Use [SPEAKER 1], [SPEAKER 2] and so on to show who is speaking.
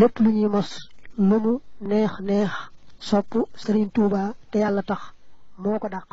[SPEAKER 1] lépp lu ñuy mos lu neex neex sopp Serigne Touba te yàlla tax moo ko dàq